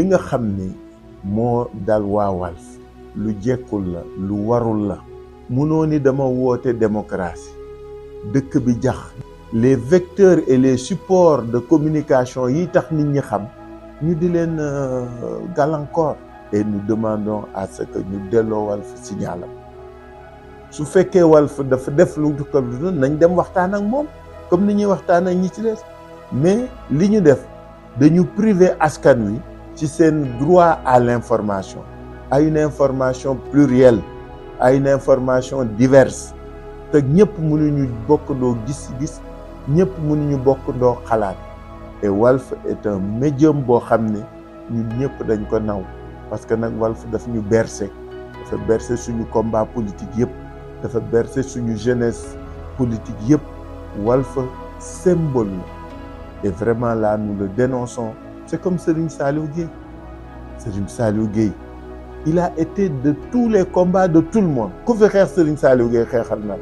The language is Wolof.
li nga xam ni moo dal waa lu jekkul la lu warul la munoo ni dama woote démocratie dëkk bi jax les vecteurs et les supports de communication yi tax nit ñi xam ñu di leen euh, gàllankoor et nous demandons à ce que ñu delloo Walf signal su fekkee Walf dafa def lu ko dund nañ dem waxtaan ak moom comme ni ñuy waxtaan ak ñi ci des mais li ñu def dañu privé askan wi c'est un droit à l'information à une information plurielle à une information diverse te nous mënuñu bokkandoo gis-gis ñëpp mënuñu bokkandoo xalaat et Walf est un médium pour nous ne ñun ñëpp dañ parce que nag Walf daf ñu bercé dafa sur suñu combat politique il dafa sur suñu jeunesse politique est Walf symbole et vraiment là nous le dénonçons c'est comme Serigne Saliou Gueye. Serigne il a été de tous les combats de tout le monde Qu'est-ce que Serigne Saliou Gueye